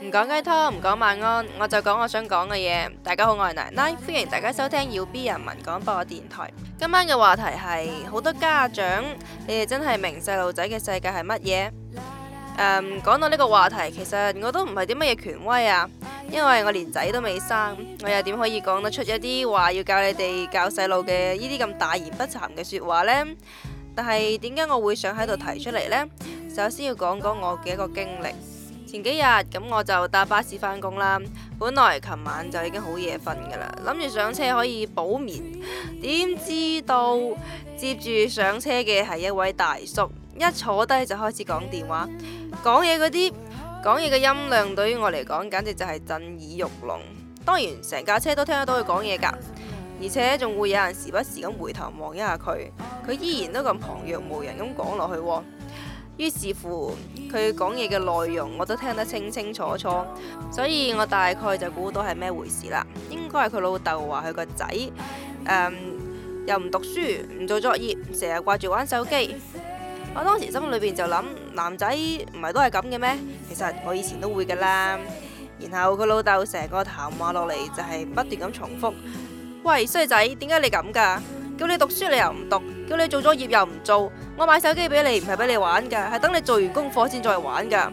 唔講雞湯，唔講晚安，我就講我想講嘅嘢。大家好，我係奶奶，歡迎大家收聽要 B 人民廣播電台。今晚嘅話題係好多家長，你哋真係明細路仔嘅世界係乜嘢？誒、嗯，講到呢個話題，其實我都唔係啲乜嘢權威啊，因為我連仔都未生，我又點可以講得出一啲話要教你哋教細路嘅呢啲咁大言不慚嘅說話呢？但係點解我會想喺度提出嚟呢？首先要講講我嘅一個經歷。前幾日咁，我就搭巴士返工啦。本來琴晚就已經好夜瞓㗎啦，諗住上車可以補眠，點知道接住上車嘅係一位大叔，一坐低就開始講電話，講嘢嗰啲講嘢嘅音量對於我嚟講，簡直就係震耳欲聾。當然，成架車都聽得到佢講嘢㗎，而且仲會有人時不時咁回頭望一下佢，佢依然都咁旁若無人咁講落去喎。於是乎，佢講嘢嘅內容我都聽得清清楚楚，所以我大概就估到係咩回事啦。應該係佢老豆話佢個仔、嗯，又唔讀書，唔做作業，成日掛住玩手機。我當時心裏邊就諗，男仔唔係都係咁嘅咩？其實我以前都會㗎啦。然後佢老豆成個談話落嚟就係不斷咁重複，喂，衰仔，點解你咁㗎？叫你讀書你又唔讀，叫你做咗業又唔做。我買手機俾你唔係俾你玩噶，係等你做完功課先再玩噶。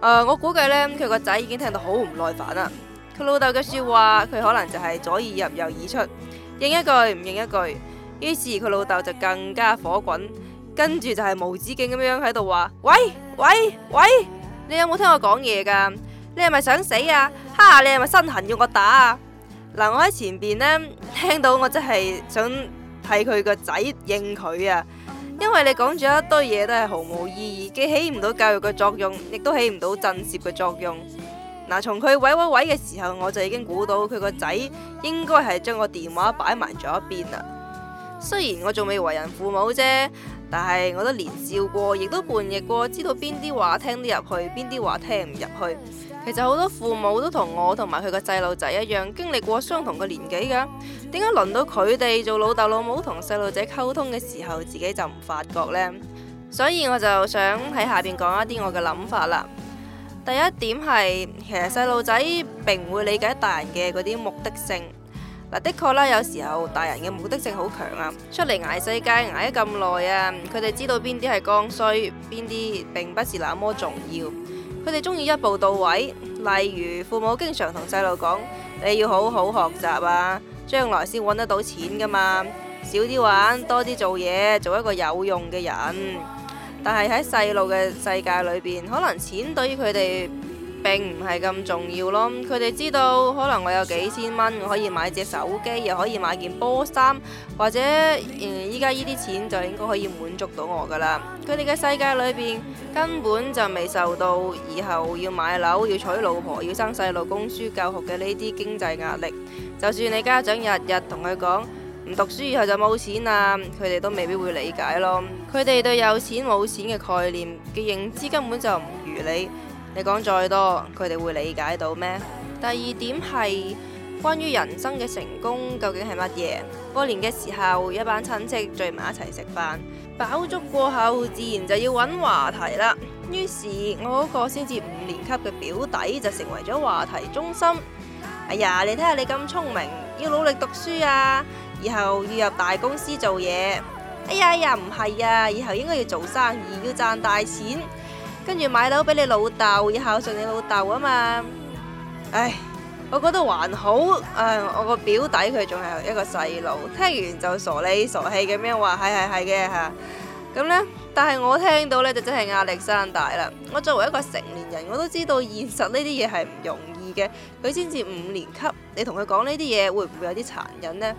誒，我估計呢佢個仔已經聽到好唔耐煩啦。佢老豆嘅說話佢可能就係左耳入右耳出，應一句唔應一句。於是佢老豆就更加火滾，跟住就係無止境咁樣喺度話：喂喂喂，你有冇聽我講嘢噶？你係咪想死啊？哈，你係咪身痕要我打啊？嗱，我喺前邊呢聽到我真係想。替佢個仔應佢啊！因為你講咗一堆嘢都係毫無意義，既起唔到教育嘅作用，亦都起唔到震懾嘅作用。嗱，從佢位位位嘅時候，我就已經估到佢個仔應該係將個電話擺埋咗一邊啦。雖然我仲未為人父母啫，但係我都年少過，亦都叛逆過，知道邊啲話聽得入去，邊啲話聽唔入去。其實好多父母都同我同埋佢個細路仔一樣，經歷過相同嘅年紀㗎。點解輪到佢哋做老豆老母同細路仔溝通嘅時候，自己就唔發覺呢？所以我就想喺下邊講一啲我嘅諗法啦。第一點係，其實細路仔並唔會理解大人嘅嗰啲目的性嗱。的確啦，有時候大人嘅目的性好強啊，出嚟挨世界挨咗咁耐啊，佢哋知道邊啲係剛需，邊啲並不是那麼重要。佢哋中意一步到位，例如父母經常同細路講，你要好好學習啊。將來先揾得到錢噶嘛，少啲玩，多啲做嘢，做一個有用嘅人。但係喺細路嘅世界裏面，可能錢對於佢哋。並唔係咁重要咯。佢哋知道可能我有幾千蚊，我可以買隻手機，又可以買件波衫，或者誒依家呢啲錢就應該可以滿足到我噶啦。佢哋嘅世界裏邊根本就未受到以後要買樓、要娶老婆、要生細路、供書教學嘅呢啲經濟壓力。就算你家長日日同佢講唔讀書以後就冇錢啦，佢哋都未必會理解咯。佢哋對有錢冇錢嘅概念嘅認知根本就唔如你。你講再多，佢哋會理解到咩？第二點係關於人生嘅成功究竟係乜嘢？過年嘅時候，一班親戚聚埋一齊食飯，飽足過後，自然就要揾話題啦。於是我嗰個先至五年級嘅表弟就成為咗話題中心。哎呀，你睇下你咁聰明，要努力讀書啊，以後要入大公司做嘢。哎呀哎呀，唔係啊，以後應該要做生意，要賺大錢。跟住買樓俾你老豆，要孝順你老豆啊嘛！唉，我覺得還好。誒，我個表弟佢仲係一個細路，聽完就傻你傻氣咁樣話係係係嘅嚇。咁呢、嗯，但係我聽到呢，就真係壓力山大啦！我作為一個成年人，我都知道現實呢啲嘢係唔容易嘅。佢先至五年級，你同佢講呢啲嘢，會唔會有啲殘忍呢？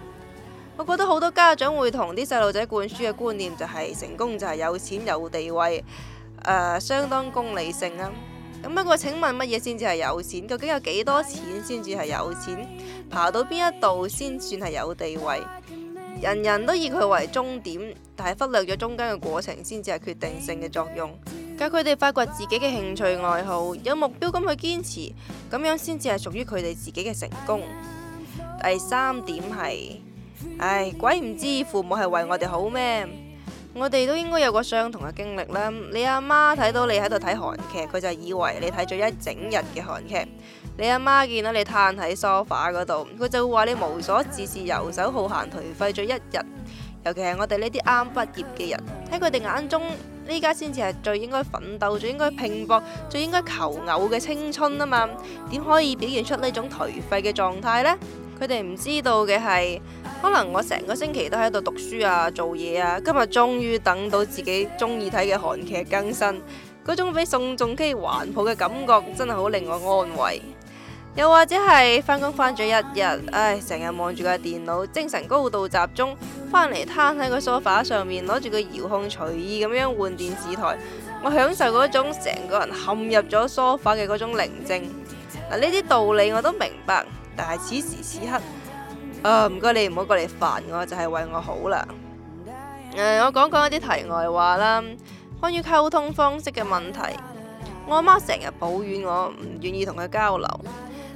我覺得好多家長會同啲細路仔灌輸嘅觀念就係成功就係有錢有地位。誒、呃，相當功利性啦，啊。咁不過，請問乜嘢先至係有錢？究竟有幾多錢先至係有錢？爬到邊一度先算係有地位？人人都以佢為終點，但係忽略咗中間嘅過程先至係決定性嘅作用。教佢哋發掘自己嘅興趣愛好，有目標咁去堅持，咁樣先至係屬於佢哋自己嘅成功。第三點係，唉，鬼唔知父母係為我哋好咩？我哋都應該有個相同嘅經歷啦。你阿媽睇到你喺度睇韓劇，佢就以為你睇咗一整日嘅韓劇。你阿媽見到你攤喺梳化嗰度，佢就會話你無所事事、遊手好閒、頹廢咗一日。尤其係我哋呢啲啱畢業嘅人，喺佢哋眼中，呢家先至係最應該奮鬥、最應該拼搏、最應該求偶嘅青春啊嘛。點可以表現出呢種頹廢嘅狀態呢？佢哋唔知道嘅係，可能我成個星期都喺度讀書啊、做嘢啊，今日終於等到自己中意睇嘅韓劇更新，嗰種俾宋仲基環抱嘅感覺真係好令我安慰。又或者係返工返咗一日，唉，成日望住個電腦，精神高度集中，返嚟攤喺個梳化上面，攞住個遙控隨意咁樣換電視台，我享受嗰種成個人陷入咗梳化嘅嗰種寧靜。嗱，呢啲道理我都明白。但係此時此刻，唔、呃、該，你唔好過嚟煩我，就係、是、為我好啦、呃。我講講一啲題外話啦，關於溝通方式嘅問題。我阿媽成日抱怨我唔願意同佢交流，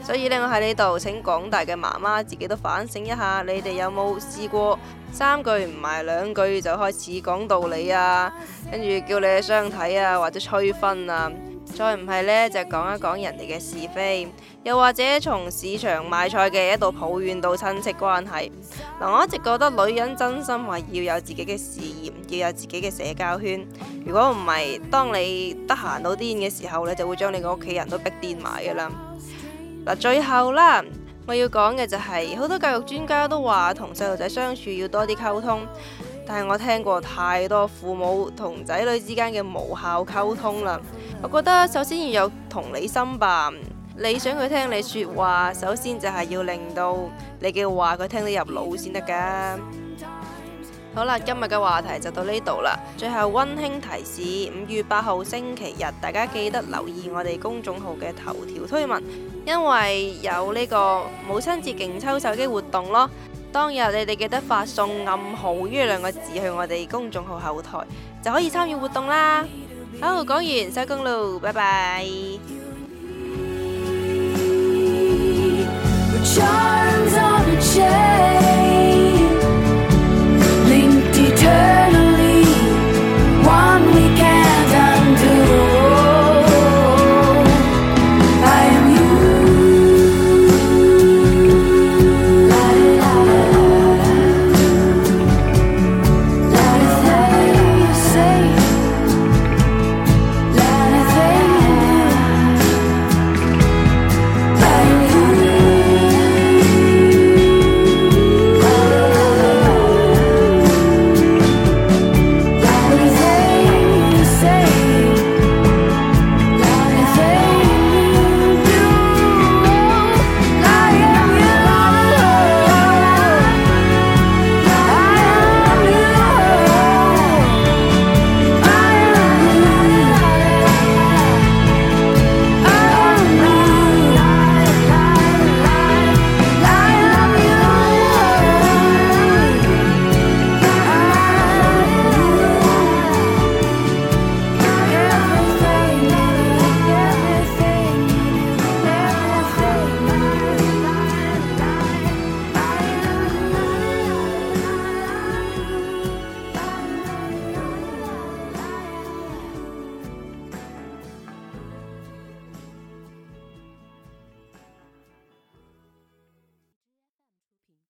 所以呢，我喺呢度請廣大嘅媽媽自己都反省一下，你哋有冇試過三句唔埋兩句就開始講道理啊？跟住叫你去相睇啊，或者催婚啊？再唔係呢，就講、是、一講人哋嘅是非，又或者從市場買菜嘅一度抱怨到親戚關係。嗱、呃，我一直覺得女人真心話要有自己嘅事業，要有自己嘅社交圈。如果唔係，當你得閒到癲嘅時候咧，就會將你個屋企人都逼癲埋噶啦。嗱、呃，最後啦，我要講嘅就係、是，好多教育專家都話，同細路仔相處要多啲溝通。但係我聽過太多父母同仔女之間嘅無效溝通啦，我覺得首先要有同理心吧。你想佢聽你說話，首先就係要令到你嘅話佢聽得入腦先得噶。好啦，今日嘅話題就到呢度啦。最後温馨提示：五月八號星期日，大家記得留意我哋公眾號嘅頭條推文，因為有呢個母親節勁抽手機活動咯。當日你哋記得發送暗號呢兩個字去我哋公眾號後台，就可以參與活動啦！好，講完收工咯，拜拜。